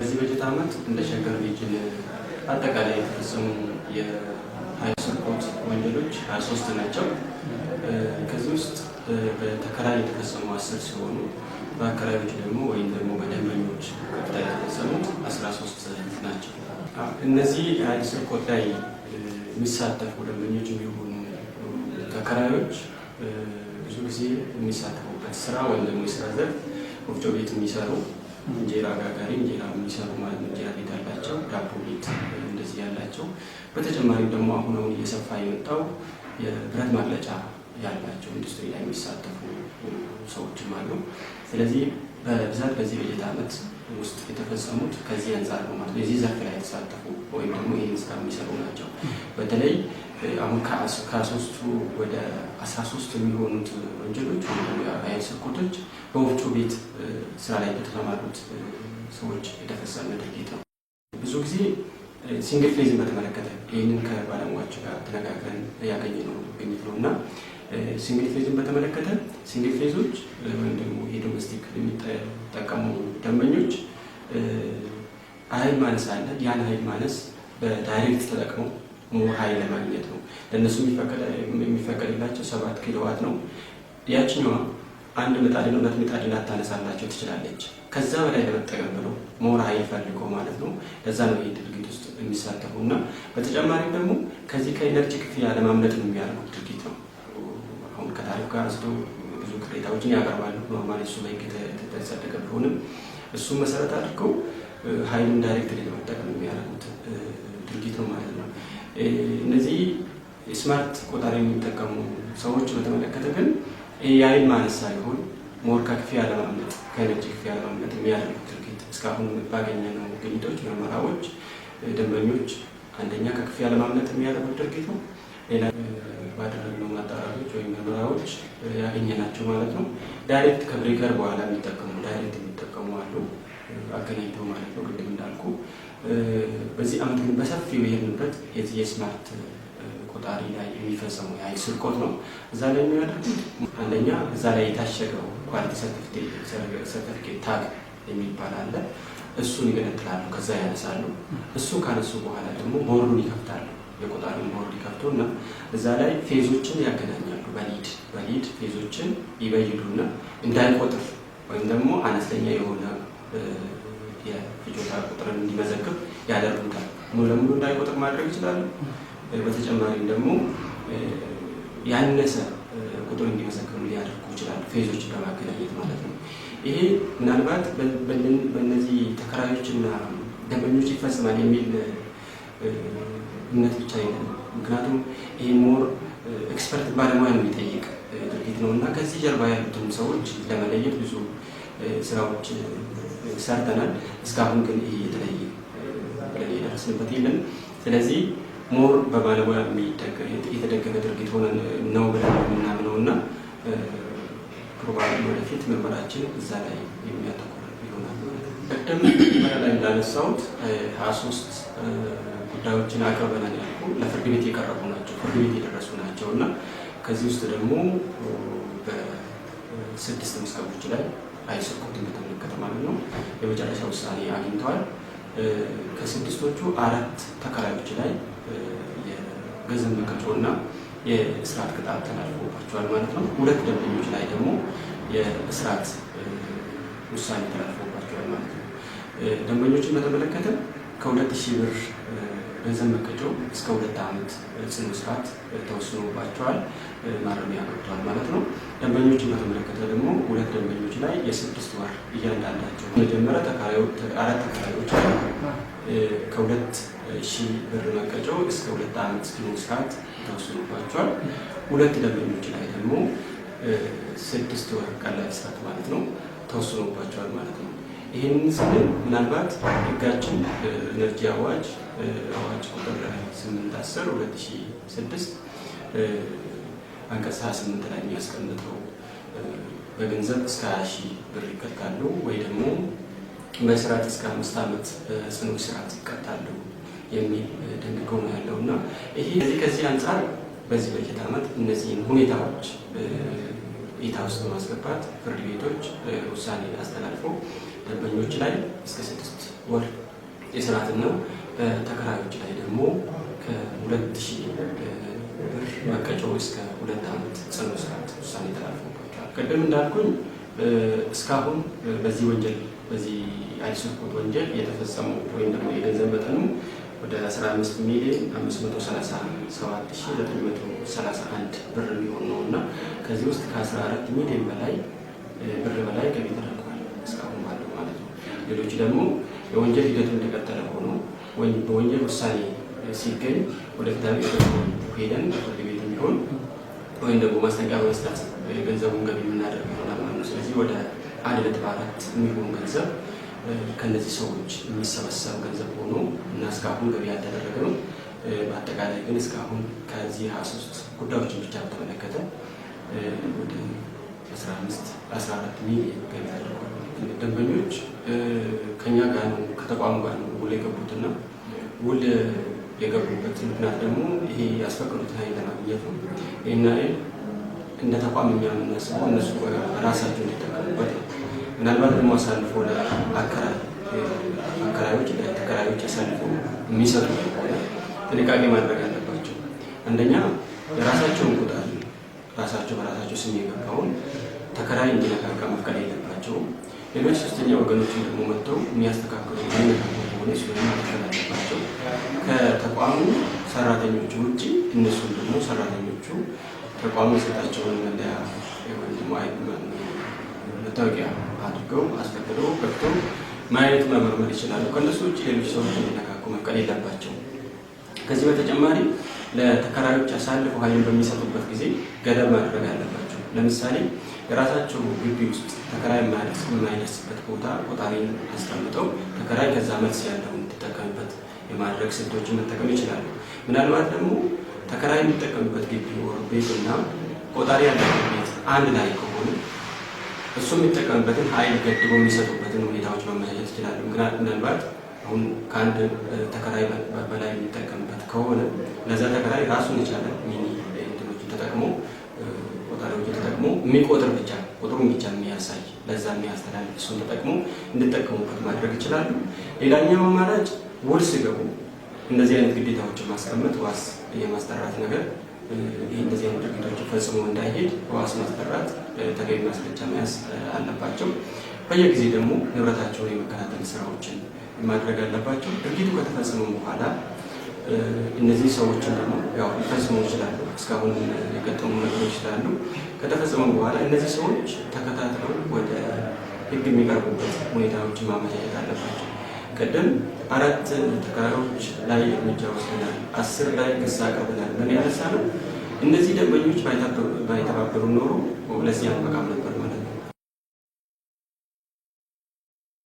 በዚህ በጀት ዓመት እንደ ሸገር ሪጅን አጠቃላይ የተፈጸሙ የኃይል ስርቆት ወንጀሎች 23 ናቸው። ከዚህ ውስጥ በተከራይ የተፈጸሙ አስር ሲሆኑ በአከራቢዎች ደግሞ ወይም ደግሞ በደንበኞች ቀጥታ የተፈጸሙት 13 ናቸው። እነዚህ ኃይል ስርቆት ላይ የሚሳተፉ ደንበኞች የሚሆኑ ተከራዮች ብዙ ጊዜ የሚሳተፉበት ስራ ወይም ደግሞ የስራ ዘርፍ ወፍጮ ቤት የሚሰሩ እንጀራ ጋጋሪ እንጀራ የሚሰሩ ማለት እንጀራ ቤት ያላቸው፣ ዳቦ ቤት እንደዚህ ያላቸው፣ በተጨማሪም ደግሞ አሁን አሁን እየሰፋ የመጣው የብረት ማቅለጫ ያላቸው ኢንዱስትሪ ላይ የሚሳተፉ ሰዎችም አሉ። ስለዚህ በብዛት በዚህ በጀት ዓመት ውስጥ የተፈጸሙት ከዚህ አንጻር ነው ማለት ነው። የዚህ ዘርፍ ላይ የተሳተፉ ወይም ደግሞ ይህን ስራ የሚሰሩ ናቸው በተለይ አሁን ከሶስቱ ወደ ሶስት የሚሆኑት ወንጀሎች የአይን ስርቆቶች በወፍጮ ቤት ስራ ላይ በተሰማሩት ሰዎች የተፈጸመ ድርጊት ነው። ብዙ ጊዜ ሲንግል ፌዝን በተመለከተ ይህንን ከባለሙያዎች ጋር ተነጋግረን ያገኘነው ግኝት ነው እና ሲንግል ፌዝን በተመለከተ ሲንግል ፌዞች ወይም ደግሞ የዶሜስቲክ የሚጠቀሙ ደንበኞች ኃይል ማነስ አለ። ያን ኃይል ማነስ በዳይሬክት ተጠቅመው ውሃይ ለማግኘት ነው። ለእነሱ የሚፈቀድላቸው ሰባት ኪሎዋት ነው። ያችኛዋ አንድ ምጣድን ሁለት ምጣድ ላታነሳላቸው ትችላለች። ከዛ በላይ ለመጠቀም ብሎ ሞራ ይፈልገው ማለት ነው። ለዛ ነው ይህ ድርጊት ውስጥ የሚሳተፉ እና በተጨማሪም ደግሞ ከዚህ ከኤነርጂ ክፍያ ለማምለጥ ነው የሚያደርጉት ድርጊት ነው። አሁን ከታሪፍ ጋር አንስቶ ብዙ ቅሬታዎችን ያቀርባሉ። ኖርማሊ እሱ ላይ የተጸደቀ ቢሆንም እሱን መሰረት አድርገው ሀይሉን ዳይሬክት ለመጠቀም የሚያደርጉት ድርጊት ነው ማለት ነው። እነዚህ ስማርት ቆጣሪ የሚጠቀሙ ሰዎች በተመለከተ ግን የአይን ማነስ ሳይሆን ሞር ከክፍያ ለማምለጥ ከነጭ ክፍያ ለማምለጥ የሚያደርጉት ድርጊት እስካሁን ባገኘነው ግኝቶች፣ ምርመራዎች ደንበኞች አንደኛ ከክፍያ ለማምለጥ የሚያደርጉት ድርጊት ነው። ሌላ ባደረግነው ማጣራቶች ወይም ምርመራዎች ያገኘናቸው ማለት ነው ዳይሬክት ከብሬከር በኋላ የሚጠቀሙ ዳይሬክት የሚጠቀሙ አሉ። አገናኝተው ማለት ነው። ቅድም እንዳልኩ በዚህ አመት ግን በሰፊው የሄድንበት የስማርት ቆጣሪ ላይ የሚፈጸመው የኃይል ስርቆት ነው። እዛ ላይ የሚያደርጉት አንደኛ እዛ ላይ የታሸገው ኳሊቲ ሰርቲፊኬት ታግ የሚባል አለ። እሱን ይገነጥላሉ፣ ከዛ ያነሳሉ። እሱ ካነሱ በኋላ ደግሞ ቦርዱን ይከፍታሉ። የቆጣሪውን ቦርድ ይከፍቱ እና እዛ ላይ ፌዞችን ያገናኛሉ። በሊድ በሊድ ፌዞችን ይበይዱና እንዳይቆጥር ወይም ደግሞ አነስተኛ የሆነ የፍጆታ ቁጥርን እንዲመዘግብ ያደርጉታል። ሙሉ ለሙሉ እንዳይቆጥር ማድረግ ይችላሉ። በተጨማሪም ደግሞ ያነሰ ቁጥር እንዲመዘግብ ሊያደርጉ ይችላሉ። ፌዞች በማገናኘት ማለት ነው። ይሄ ምናልባት በእነዚህ ተከራዮችና ደንበኞች ይፈጽማል የሚል እምነት ብቻ አይደለም። ምክንያቱም ይህ ሞር ኤክስፐርት ባለሙያ የሚጠይቅ ድርጊት ነው እና ከዚህ ጀርባ ያሉትን ሰዎች ለመለየት ብዙ ስራዎች ሰርተናል። እስካሁን ግን የተለየ ብለን የደረስንበት የለም። ስለዚህ ሞር በባለሙያ የተደገፈ ድርጊት ሆነን ነው ብለን የምናምነው እና ፕሮግራም ወደፊት ምርመራችን እዛ ላይ የሚያተኩር ይሆናል። ቅድም ምርመራ ላይ እንዳነሳሁት ሀያ ሶስት ጉዳዮችን አቅርበናል ያልኩ ለፍርድ ቤት የቀረቡ ናቸው፣ ፍርድ ቤት የደረሱ ናቸው እና ከዚህ ውስጥ ደግሞ በስድስት መዝገቦች ላይ ሀይ በተመለከተ ማለት ነው የመጨረሻ ውሳኔ አግኝተዋል። ከስድስቶቹ አራት ተከራዮች ላይ የገንዘብ መቀጮ እና የእስራት ቅጣት ተላልፎባቸዋል ማለት ነው። ሁለት ደንበኞች ላይ ደግሞ የእስራት ውሳኔ ተላልፎባቸዋል ማለት ነው። ደንበኞችን በተመለከተ ከሁለት ሺህ ብር በዘን መቀጮ እስከ ሁለት ዓመት ጽኑ እስራት ተወስኖባቸዋል ማረሚያ ገብተዋል ማለት ነው። ደንበኞችን በተመለከተ ደግሞ ሁለት ደንበኞች ላይ የስድስት ወር እያንዳንዳቸው መጀመሪያ አራት ተከራዮች ከሁለት ሺህ ብር መቀጮ እስከ ሁለት ዓመት ጽኑ እስራት ተወስኖባቸዋል። ሁለት ደንበኞች ላይ ደግሞ ስድስት ወር ቀላል እስራት ማለት ነው ተወስኖባቸዋል ማለት ነው። ይህንን ስንል ምናልባት ህጋችን ኤነርጂ አዋጅ አዋጅ ቁጥር 8 10 2006 አንቀጽ 28 ላይ የሚያስቀምጠው በገንዘብ እስከ 20 ሺህ ብር ይቀጣሉ ወይ ደግሞ በእስራት እስከ አምስት ዓመት ጽኑ እስራት ይቀጣሉ የሚል ደንግጎ ነው ያለው እና ይሄ ከዚህ አንጻር በዚህ በጀት ዓመት እነዚህን ሁኔታዎች ኢታ ውስጥ በማስገባት ፍርድ ቤቶች ውሳኔ አስተላልፈው ደንበኞች ላይ እስከ ስድስት ወር የስራትን ነው። በተከራዮች ላይ ደግሞ ከሁለት ሺህ ብር መቀጮ እስከ ሁለት ዓመት ጽኑ እስራት ውሳኔ ተላልፎባቸዋል። ቅድም እንዳልኩኝ እስካሁን በዚህ ወንጀል በዚህ አይሱርኩት ወንጀል የተፈጸሙ ወይም ደግሞ የገንዘብ መጠኑ ወደ 15 ሚሊዮን 537,931 ብር የሚሆን ነው እና ከዚህ ውስጥ ከ14 ሚሊዮን በላይ ብር በላይ ገቢ ተደርጓል። ሌሎች ደግሞ የወንጀል ሂደቱ እንደቀጠለ ሆኖ በወንጀል ውሳኔ ሲገኝ ወደ ፍትሐ ቤት ሄደን ፍርድ ቤት የሚሆን ወይም ደግሞ ማስጠንቀቂያ በመስጠት ገንዘቡን ገቢ የምናደርግ ይሆናል ማለት ነው። ስለዚህ ወደ አንድ ነጥብ አራት የሚሆን ገንዘብ ከነዚህ ሰዎች የሚሰበሰብ ገንዘብ ሆኖ እና እስካሁን ገቢ ያልተደረገ ነው። በአጠቃላይ ግን እስካሁን ከዚህ ሀያ ሶስት ጉዳዮችን ብቻ በተመለከተ ወደ አስራ አምስት አስራ አራት ሚሊየን ገቢ ተደርጓል። ደንበኞች ከኛ ጋር ነው ከተቋሙ ጋር ነው ውል የገቡትና ውል የገቡበት ምክንያት ደግሞ ይሄ ያስፈቅዱት ኃይል ለማግኘት ነው። ይህን እንደ ተቋም እኛ እነሱ ራሳቸው እንዲጠቀሙበት ነው። ምናልባት ደግሞ አሳልፎ ለአከራዮች ተከራዮች አሳልፎ የሚሰጡ ከሆነ ጥንቃቄ ማድረግ አለባቸው። አንደኛ የራሳቸውን ቁጣል ራሳቸው በራሳቸው ስም የገባውን ተከራይ እንዲነካካ መፍቀድ የለባቸውም። ሌሎች ሶስተኛ ወገኖችን ደግሞ መጥተው የሚያስተካክሉ የሚነካከሉ ሆነ ሲሆን ማለባቸው ከተቋሙ ሰራተኞቹ ውጭ እነሱም ደግሞ ሰራተኞቹ ተቋሙ የሰጣቸውን መለያ ወይም መታወቂያ አድርገው አስፈቅደው ገብተው ማየት መመርመር ይችላሉ። ከእነሱ ውጭ ሌሎች ሰዎች የሚነካኩ መቀል የለባቸው። ከዚህ በተጨማሪ ለተከራዮች አሳልፈው ኃይል በሚሰጡበት ጊዜ ገደብ ማድረግ አለባቸው። ለምሳሌ የራሳቸው ግቢ ውስጥ ተከራይ ማያደርስ የማይደርስበት ቦታ ቆጣሪ አስቀምጠው ተከራይ ከዛ መልስ ያለው እንዲጠቀምበት የማድረግ ስልቶችን መጠቀም ይችላሉ። ምናልባት ደግሞ ተከራይ የሚጠቀምበት ግቢ ወር ቤት እና ቆጣሪ ያለው ቤት አንድ ላይ ከሆኑ እሱ የሚጠቀምበትን ኃይል ገድቦ የሚሰጡበትን ሁኔታዎች መመቻቸት ይችላሉ። ምናልባት አሁን ከአንድ ተከራይ በላይ የሚጠቀምበት ከሆነ ለዛ ተከራይ ራሱን የቻለ ሚኒ ተጠቅመው ተጠቅሞ የሚቆጥር ብቻ ቁጥሩን ብቻ የሚያሳይ ለዛ የሚያስተላልፍ እሱን ተጠቅሞ እንድጠቀሙበት ማድረግ ይችላሉ። ሌላኛው አማራጭ ውል ሲገቡ እንደዚህ አይነት ግዴታዎችን ማስቀመጥ ዋስ የማስጠራት ነገር ይህ እንደዚህ አይነት ድርጊቶች ፈጽሞ እንዳይሄድ ዋስ ማስጠራት ተገቢ ማስረጃ መያዝ አለባቸው። በየጊዜ ደግሞ ንብረታቸውን የመከታተል ስራዎችን ማድረግ አለባቸው። ድርጊቱ ከተፈጸመ በኋላ እነዚህ ሰዎችን ደግሞ ያው ሊፈጽሙ ይችላሉ። እስካሁን የገጠሙ ነገሮች ይችላሉ። ከተፈጸሙ በኋላ እነዚህ ሰዎች ተከታትለው ወደ ህግ የሚቀርቡበት ሁኔታዎችን ማመቻቸት አለባቸው። ቅድም አራት ተከራሪዎች ላይ እርምጃ ወስደናል፣ አስር ላይ ክስ አቅርበናል ብለን ያነሳ ነው። እነዚህ ደንበኞች ባይተባበሩ ኖሮ ለዚህ አንበቃም ነበር።